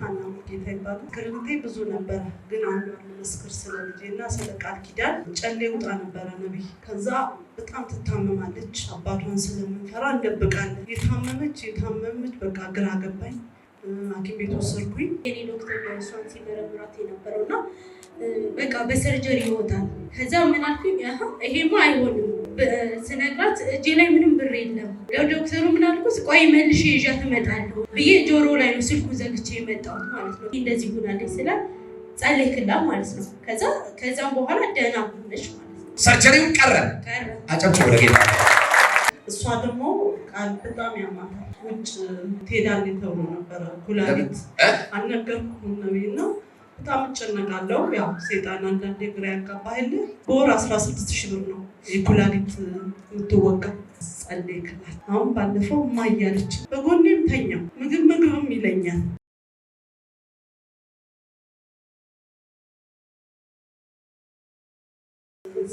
ሀና ሙጌታ ይባሉ። ክርምቴ ብዙ ነበረ፣ ግን አንዷን መስክር ስለ ልጄና ስለ ቃል ኪዳን ጨሌ ውጣ ነበረ ነቢይ። ከዛ በጣም ትታመማለች። አባቷን ስለምንፈራ እንደብቃለን። የታመመች የታመመች በቃ ግራ ገባኝ። ሐኪም ቤት ወሰድኩኝ። የኔ ዶክተር እሷን ሲመረምራት የነበረው እና በቃ በሰርጀሪ ይወጣል። ከዛ ምን አልኩኝ፣ ይሄማ አይሆንም ስነግራት እጄ ላይ ምንም ብር የለም። ለዶክተሩ ምን አልኩት? ቆይ መልሼ ይዣት እመጣለሁ ብዬ ጆሮ ላይ ነው ስልኩ ዘግቼ የመጣሁት ማለት ነው። እንደዚህ ሆናለች ስላ ጸለይክላ ማለት ነው። ከዛ ከዛም በኋላ ደህና ሆነች ማለት ነው። ሰርጀሪው ቀረ ቀረ። አጨብጭ ብለ እሷ ደግሞ ቃል በጣም ያማታል። ውጭ ትሄዳለች ተብሎ ነበረ ኩላሊት አልነገርኩም ነው ነው በጣም እጨነቃለሁ። ያው ሴጣን አንዳንዴ ግራ ያጋባህል። በወር አስራ ስድስት ሺህ ብር ነው የኩላሊት የምትወቀው። ጸሌ ክላል አሁን ባለፈው ማያለች በጎኔም ተኛው ምግብ ምግብም ይለኛል።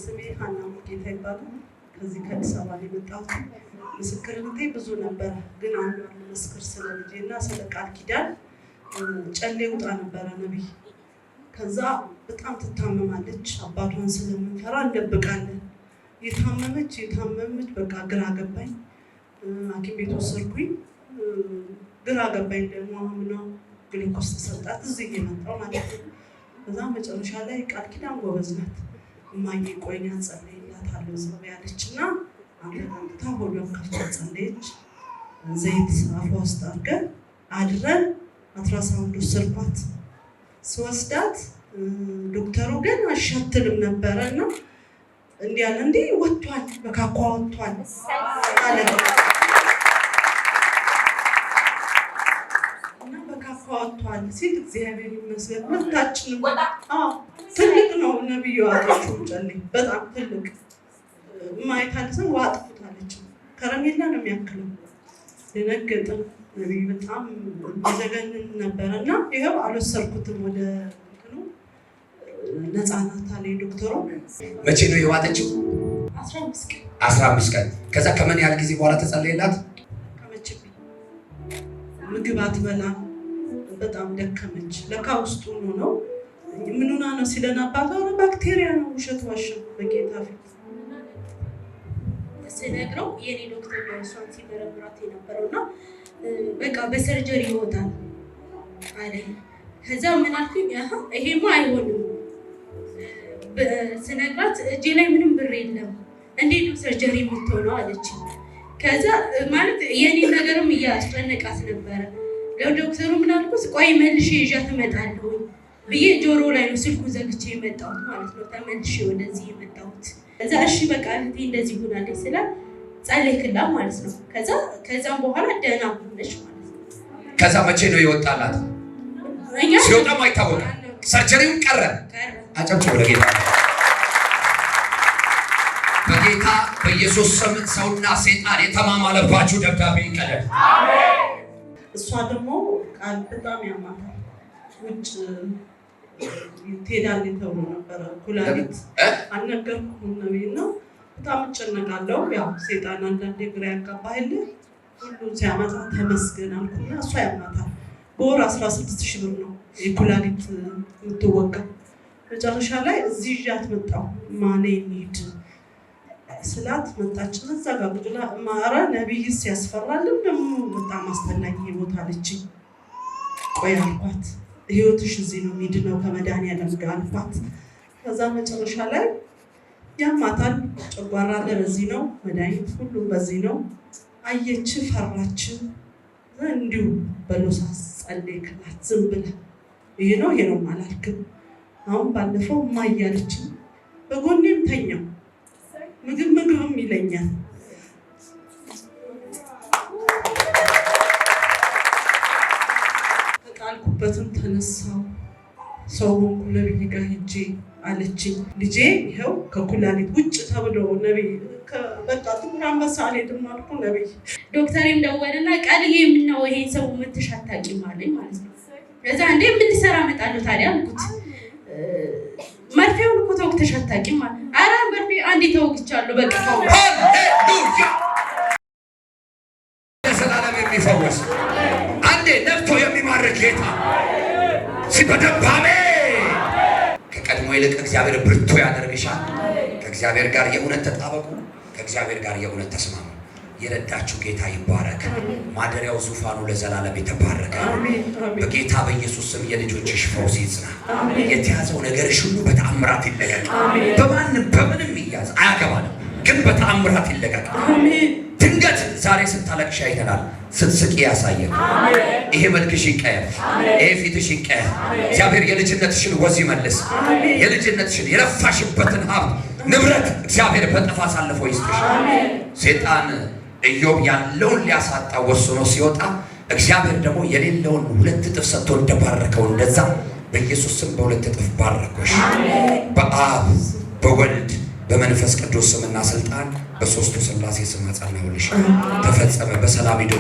ስሜ ሀና ሙጌታ ይባላል። ከዚህ ከአዲስ አበባ የመጣሁት። ምስክርነቴ ብዙ ነበረ፣ ግን አሁን ምስክር ስለ ልጄ እና ስለ ቃል ኪዳን ጨሌ ውጣ ነበረ ነቢይ ከዛ በጣም ትታመማለች። አባቷን ስለምንፈራ እንደብቃለን። የታመመች የታመመች በቃ ግራ ገባኝ። ሐኪም ቤት ወሰድኩኝ። ግራ ገባኝ ደግሞ አሁን ነው ግሉኮስ ተሰጣት እዚህ እየመጣው ማለት ነው። በዛ መጨረሻ ላይ ቃል ኪዳን ጎበዝ ናት። እማዬ ቆይኝ አንጸልይላታለሁ ዝም ያለች እና አንገታታ ሆዷን ከፍታ ጸለየች። ዘይት አፏ ውስጥ አድርገን አድረን አትራሳውንድ ወሰድኳት። ስወስዳት ዶክተሩ ግን አሻትልም ነበረ እና እንዲህ ያለ እንዲህ ወጥቷል፣ መካኳ ወጥቷል አለ እና በካኳ ወጥቷል ሲል እግዚአብሔር ይመስገን መታችን ትልቅ ነው። ነብዩ አጥፉ ጨሌ በጣም ትልቅ ማየት አለ ሰው አጥፉት አለችው። ከረሜላ ነው የሚያክለው። ደነገጠ። በጣም የሚዘገንን ነበር እና ይኸው አልወሰድኩትም ወደ ነፃናታ ላይ ዶክተሩ መቼ ነው የዋጠችው? አስራ አምስት ቀን ከዛ ከምን ያህል ጊዜ በኋላ ተጸለየላት? ከመችብኝ ምግብ አትበላም፣ በጣም ደከመች። ለካ ውስጡ ሆኖ ነው ምን ነው ሲለን አባቷ ባክቴሪያ ነው፣ ውሸት ዋሸ በጌታ ፊት ስነግረው የኔ ዶክተር እሷን ሲመረምራት የነበረው እና በቃ በሰርጀሪ ይወጣል አለ። ከዛ ምን አልኩኝ፣ ይሄማ አይሆንም ስነግራት፣ እጄ ላይ ምንም ብር የለም እንዴት ነው ሰርጀሪ የምትሆነው አለች። ከዛ ማለት የኔ ነገርም እያስጨነቃት ነበረ። ለዶክተሩ ምን አልኩት፣ ቆይ መልሼ ይዣት እመጣለሁ ብዬ ጆሮ ላይ ነው ስልኩ ዘግቼ የመጣሁት ማለት ነው። ተመልሼ ወደዚህ የመጣሁት ከዛ እሺ በቃ እንደዚህ ሆናለች ስላል ጸለይክላ ማለት ነው። ከዛ ከዛም በኋላ ደህና ሆነች ማለት ነው። ከዛ መቼ ነው የወጣላት? ሲወጣም አይታወቅም። ሰርጀሪውን ቀረ። አጨብጭ ወደ ጌታ በጌታ በኢየሱስ ስም ሰውና ሴጣን የተማማለባችሁ ደብዳቤ ይቀደል። እሷ ደግሞ ቃል በጣም ያማታል። ውጭ ትሄዳለች ተብሎ ነበረ ኩላሊት አልነገርኩም ነብይ ነው በጣም እጨነቃለሁ። ያው ሴጣን አንዳንዴ ግራ ያጋባል። ሁሉ ሲያመጣ ተመስገን አልኩና እሷ ያማታል። በወር አስራ ስድስት ሺህ ብር ነው የኩላሊት የምትወጋ። መጨረሻ ላይ እዚህ ይዣት መጣሁ። ማነ የሚሄድ ስላት መጣች። እዛ ጋር ብላ ማረ ነቢይስ ያስፈራልም ደግሞ በጣም አስፈላጊ ህይወት አለች። ቆይ አልኳት፣ ህይወትሽ እዚህ ነው ሚድ ነው ከመድኃኒዓለም ጋር አልኳት። ከዛ መጨረሻ ላይ ያማታል፣ ጨጓራ አለ፣ በዚህ ነው መድኃኒት፣ ሁሉም በዚህ ነው። አየች ፈራች። እንዲሁ በሎሳ ጸለይ ክላት ዝም ብለ ይህ ነው ይህ ነው አላልክም። አሁን ባለፈው ማያለች በጎኔም ተኛው ምግብ ምግብም ይለኛል። ተጣልኩበትም ተነሳው ሰው ነቢይ ጋር ሂጄ አለችኝ። ልጄ ይኸው ከኩላሊት ውጭ ተብሎ ነቢይ በቃ ጥቁር አንበሳ አልሄድም አልኩ። ነቢይ ዶክተሬም ደወለና ቀልዬ የምናወ ይሄን ሰው ምትሽ አታውቂም አለኝ ማለት ነው። ከዛ እንዴ የምንሰራ መጣለሁ ታዲያ አልኩት። መርፌውን እኮ ተወግተሽ አታውቂም አለ። ኧረ መርፌ አንዴ ተወግቻለሁ በቃ ዘላለም የሚፈወስ አንዴ ነፍቶ የሚማርክ ጌታ ሲበደባሜ ይልቅ እግዚአብሔር ብርቱ ያደርግሻል። ከእግዚአብሔር ጋር የእውነት ተጣበቁ። ከእግዚአብሔር ጋር የእውነት ተስማሙ። የረዳችሁ ጌታ ይባረክ። ማደሪያው ዙፋኑ ለዘላለም የተባረከ በጌታ በኢየሱስ ስም የልጆችሽ ፈውስ ይጽና። የተያዘው ነገርሽ ሁሉ በተአምራት ይለቀቅ። በማንም በምንም ይያዝ አያገባንም፣ ግን በተአምራት ይለቀቅ። ዛሬ ስታለቅሽ አይተናል። ስትስቂ ያሳየ ይሄ መልክሽ ይቀየር፣ ይሄ ፊትሽ ይቀየር። እግዚአብሔር የልጅነትሽን ወዝ ይመልስ። የልጅነትሽን የለፋሽበትን ሀብት ንብረት እግዚአብሔር በጠፍ አሳልፎ ይስጥሽ። ሴጣን ኢዮብ ያለውን ሊያሳጣ ወስኖ ሲወጣ እግዚአብሔር ደግሞ የሌለውን ሁለት እጥፍ ሰጥቶ እንደባረከው እንደዛ በኢየሱስ ስም በሁለት እጥፍ ባረኮሽ በአብ በወልድ በመንፈስ ቅዱስ ስምና ስልጣን በሶስቱ ስላሴ ስም አጸናሁልሽ። ተፈጸመ። በሰላም ሂዱ።